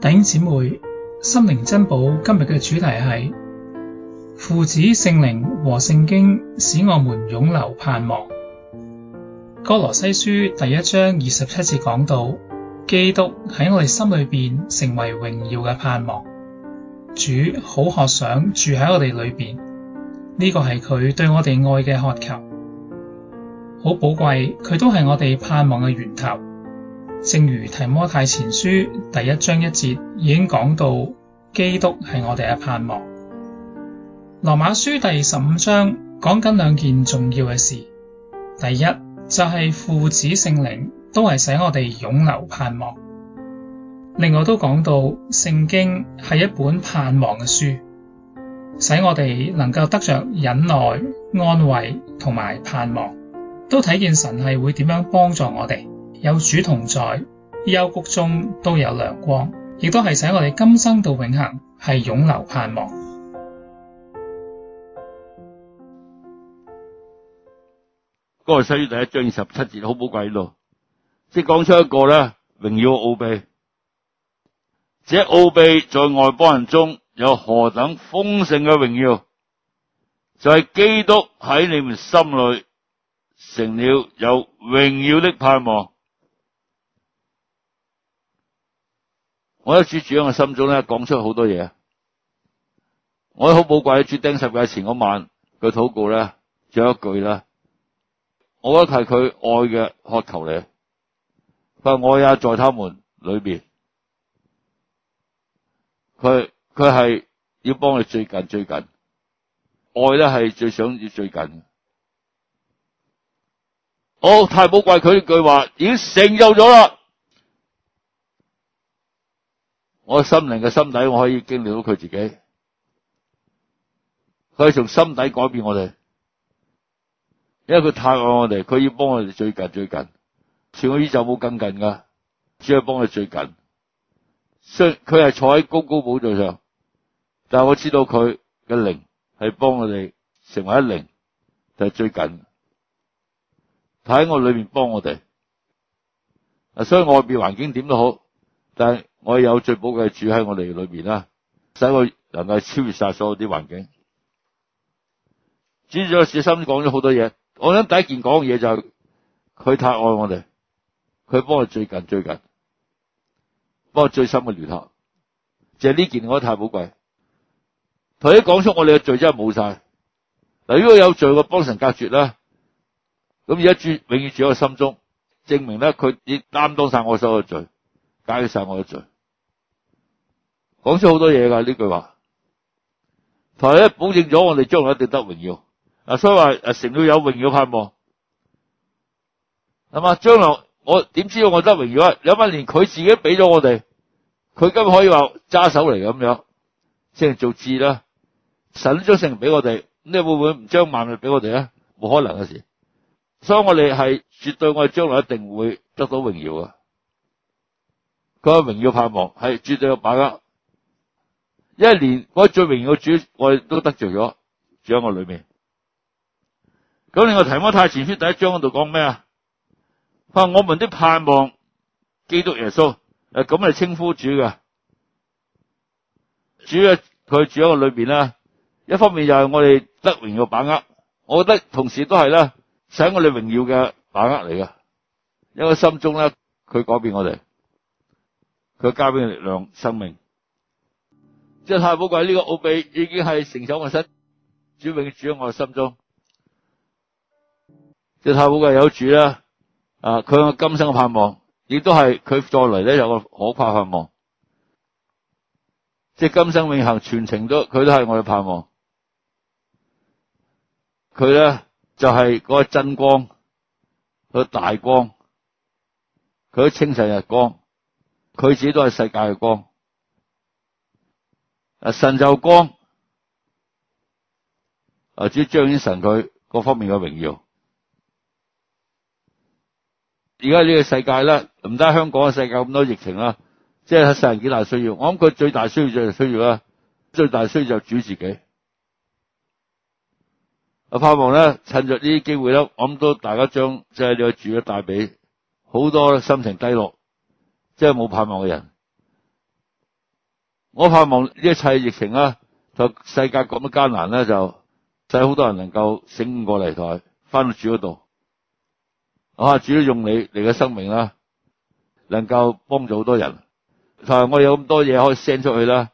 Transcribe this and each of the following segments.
頂姊妹，心靈珍寶今日嘅主題係父子聖靈和聖經，使我們湧流盼望。哥羅西書第一章二十七節講到，基督喺我哋心裡邊成為榮耀嘅盼望。主好渴想住喺我哋裡邊，呢、這個係佢對我哋愛嘅渴求，好寶貴。佢都係我哋盼望嘅源頭。正如提摩太前書第一章一節已經講到，基督係我哋嘅盼望。羅馬書第十五章講緊兩件重要嘅事，第一就係、是、父子聖靈都係使我哋湧流盼望。另外都講到聖經係一本盼望嘅書，使我哋能夠得着忍耐、安慰同埋盼望，都睇見神係會點樣幫助我哋。有主同在，幽谷中都有亮光，亦都係使我哋今生到永恆係湧流盼望。 我喺主主喺我心中咧講出好多嘢，我喺好寶貴嘅主釘十字架前嗰晚佢禱告咧，仲有一句啦，我覺得係佢愛嘅渴求嚟，佢話我也在他們裏邊，佢佢係要幫你最近最近，愛咧係最想要最近。哦，太寶貴佢呢句話已經成就咗啦。我心靈嘅心底，我可以經歷到佢自己。佢係從心底改變我哋，因為佢太愛我哋，佢要幫我哋最緊最緊，全沒有更近最近。全個宇宙冇咁近噶，只係幫我哋最近。雖佢係坐喺高高寶座上，但係我知道佢嘅靈係幫我哋成為一靈，就係、是、最近。睇喺我裏面幫我哋，所以外邊環境點都好，但係。我有最寶貴主喺我哋裏面啦，使我能夠超越晒所有啲環境。主在小心講咗好多嘢，我想第一件講嘅嘢就係、是、佢太愛我哋，佢幫我最近最近，幫我最深嘅聯合，就係、是、呢件我覺得太寶貴。佢一講出我哋嘅罪真係冇晒。嗱，如果有罪嘅幫神隔絕啦，咁而家住永遠住喺我心中，證明咧佢已擔當晒我所有罪，解決晒我嘅罪。講出好多嘢噶呢句話，同埋咧保證咗我哋將來一定得榮耀，啊所以話成了有榮耀盼望，咁啊將來我點知道我得榮耀啊？連佢自己俾咗我哋，佢今日可以話揸手嚟咁樣，先嚟做誌啦。神將聖靈俾我哋，你會唔會唔將萬能俾我哋啊？冇可能嘅事，所以我哋係絕對我哋將來一定會得到榮耀啊！嗰個榮耀盼望係絕對有把握。一年我最榮耀的主，我哋都得罪咗，住喺我裏面。咁另外提摩太前書第一章嗰度講咩啊？話我們嘅盼望基督耶穌，誒咁係稱呼主嘅。主啊，佢住喺我裏面啦。一方面又係我哋得榮耀把握，我覺得同時都係咧，係我哋榮耀嘅把握嚟嘅。因為心中咧，佢改變我哋，佢加俾力量生命。即係太寶貴，呢個奧秘已經係成就我的身，主永住喺我的心中。即係太寶貴有主啦，啊，佢有今生嘅盼望，亦都係佢再嚟咧有個可誇盼望。即係今生永恒全程都佢都係我嘅盼望。佢咧就係、是、個真光，佢、那個、大光，佢、那、都、個、清晨日光，佢自己都係世界嘅光。啊，神就光啊，主彰顯神佢各方面嘅榮耀。而家呢個世界咧，唔單香港嘅世界咁多疫情啦，即係世人幾大需要。我諗佢最大需要就係需要啦，最大需要就係主自己。啊，盼望咧，趁着呢啲機會啦，我諗都大家將即係呢個主咧帶俾好多心情低落，即係冇盼望嘅人。我盼望呢一切疫情啦，就世界咁艱難咧，就使好多人能夠醒過嚟同佢，翻到主嗰度。啊，主都用你，你嘅生命啦，能夠幫助好多人。啊，我有咁多嘢可以 send 出去啦。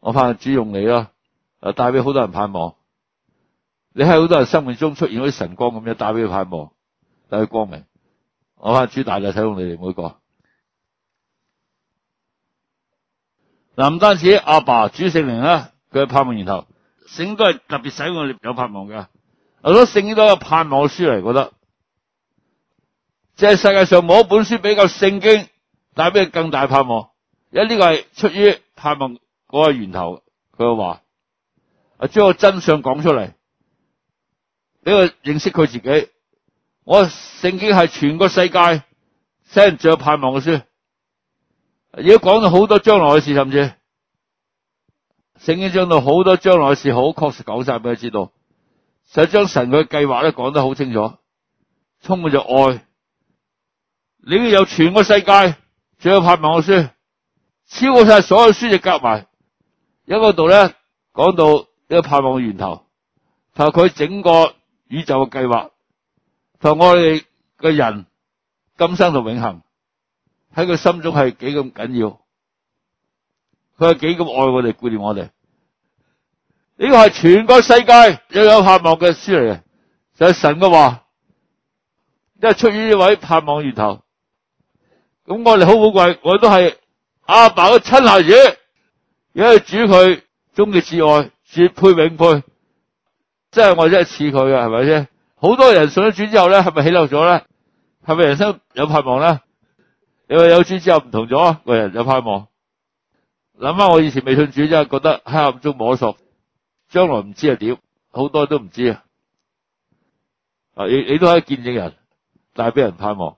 我盼望主用你啦，啊，帶俾好多人盼望。你喺好多人生命中出現啲神光咁樣，帶俾佢盼望，帶佢光明。我盼望主大嘅使用你哋每個。嗱、啊，唔單止阿爸主聖靈啊，佢盼望源頭，聖經都係特別使我有盼望嘅。我諗聖經都有盼望書嚟，覺得即係世界上冇一本書比較聖經帶俾佢更大盼望，因為呢個係出於盼望個源頭。佢話啊，將個真相講出嚟，俾佢認識佢自己。我聖經係全個世界使人最有盼望嘅書。如果講到好多將來嘅事，甚至聖經講到好多將來嘅事，好確實講晒俾佢知道，實將神佢嘅計劃咧講得好清楚，充滿咗愛。你要有全個世界，最有盼望嘅書，超過晒所有書，就夾埋一個度咧，講到呢個盼望嘅源頭，同佢整個宇宙嘅計劃，同我哋嘅人今生同永恒。喺佢心中係幾咁緊要，佢係幾咁愛我哋顧念我哋，呢個係全個世界又有盼望嘅書嚟嘅，就係神嘅話，因為出於呢位盼望源頭，咁我哋好好貴，我哋都係阿爸嘅親孩子，而家主佢終極至愛，絕配永配，即係我真係似佢嘅係咪先？好多人信咗主之後咧，係咪起落咗咧？係咪人生有盼望咧？你話有主之後唔同咗，個人有盼望。諗返我以前未信主，真係覺得黑暗中摸索，將來唔知係點，好多都唔知啊。啊，你你都可以見證人，帶俾人盼望。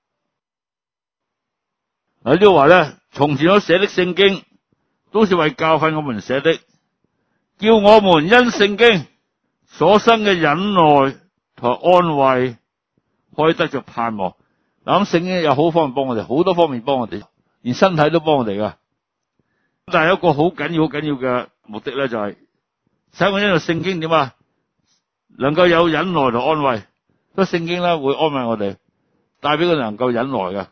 嗱、這個、呢句話咧，從前所寫的聖經，都是為教訓我們寫的，叫我們因聖經所生嘅忍耐同安慰，可以得着盼望。咁聖經有好方面幫我哋，好多方面幫我哋，連身體都幫我哋噶。但係有一個好緊要、好緊要嘅目的咧、就是，就係使我因着聖經點啊，能夠有忍耐同安慰。咁聖經咧會安慰我哋，帶俾佢能夠忍耐嘅。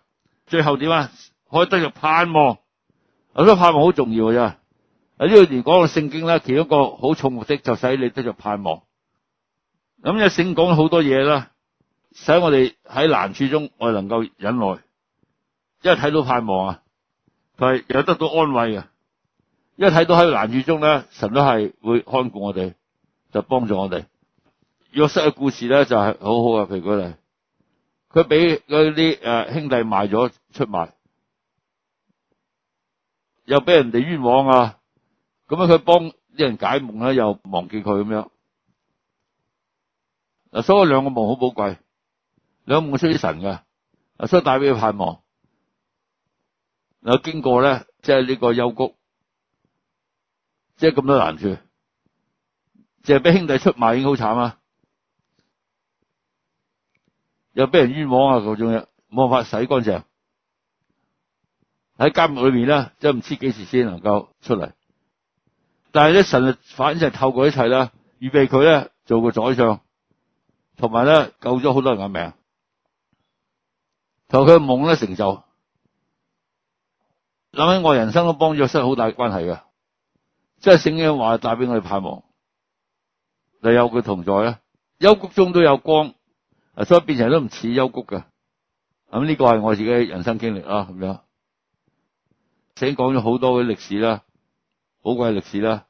最後點啊？可以得著盼望。我想盼望好重要嘅啫。啊，呢度連講個聖經咧，其中一個好重目的就是使你得著盼望。咁聖經講咗好多嘢啦。使我哋喺難處中，我哋能夠忍耐，因為睇到盼望啊，佢係有得到安慰嘅。因為睇到喺難處中咧，神都係會看顧我哋，就幫助我哋。約瑟嘅故事咧就係好好嘅，譬如佢哋，佢俾嗰啲誒兄弟賣咗出賣，又俾人哋冤枉啊，咁樣佢幫啲人解夢咧，又忘記佢咁樣。嗱，所以兩個夢好寶貴。兩唔信神嘅，所以帶俾佢盼望。嗱，經過咧，即係呢個幽谷，即係咁多難處，淨係俾兄弟出賣已經好慘啦，又俾人冤枉啊，嗰種嘢，冇辦法洗乾淨。喺監獄裏面咧，即係唔知幾時先能夠出嚟。但係咧，神就反正透過一切咧，預備佢咧做個宰相，同埋咧救咗好多人嘅命。同佢嘅夢咧成就，諗起我人生都幫咗出好大關係嘅，即係聖經話帶俾我哋盼望，就有佢同在啦。幽谷中都有光，所以變成都唔似幽谷嘅。咁、嗯、呢、這個係我自己人生經歷啦，咁樣。聖經講咗好多嘅歷史啦，寶貴歷史啦，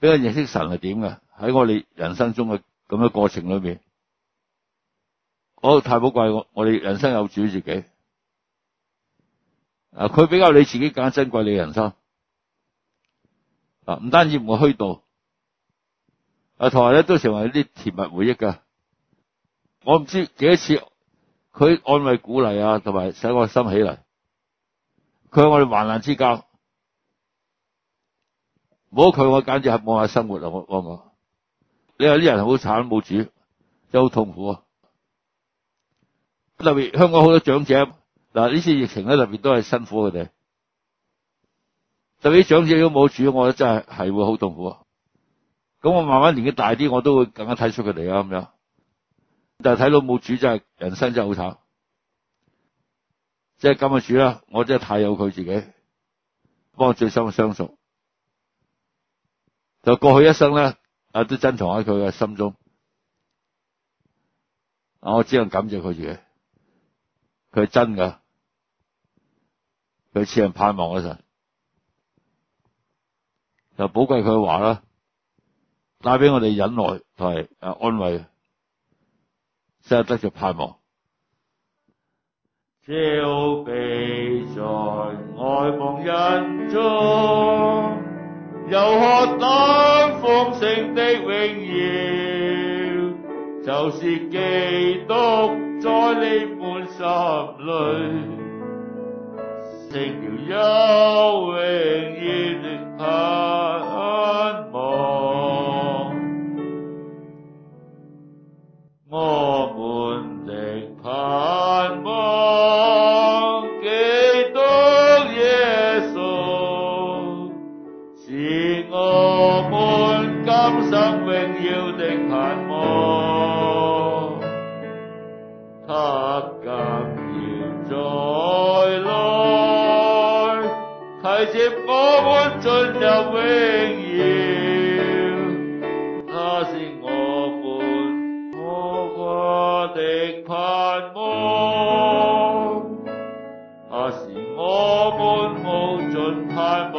俾我認識神係點嘅，喺我哋人生中嘅咁嘅過程裏面。我太寶貴，我哋人生有主自己。啊，佢比較你自己揀珍貴你嘅人生。嗱，啊，唔單止唔會虛度。啊，同埋咧都成為一啲甜蜜回憶噶。我唔知幾多次佢安慰鼓勵啊，同埋使我的心起嚟。佢係我哋患難之交。冇佢我簡直喺望下生活啊！我我，你話啲人好慘冇主，好痛苦啊！特別香港好多長者，嗱呢次疫情咧，特別都係辛苦佢哋。特別啲長者都冇主，我覺得真係係會好痛苦。咁我慢慢年紀大啲，我都會更加睇出佢哋咁樣。但係睇到冇主，真係人生真係好慘。即係咁嘅主啦，我真係太有佢自己，幫我最深嘅相熟。就是、過去一生咧，都珍藏喺佢嘅心中。我只能感謝佢自己。佢係真噶，佢似人盼望嗰陣，就寶貴佢話啦，帶俾我哋忍耐同埋誒安慰，即係得着盼望。照備在外邦人中，又何等豐盛的榮耀。就是基督在你們心裡，成了有榮耀的盼望，我。提接我們進入榮耀，他是我們可誇的盼望，他是我們無盡盼望。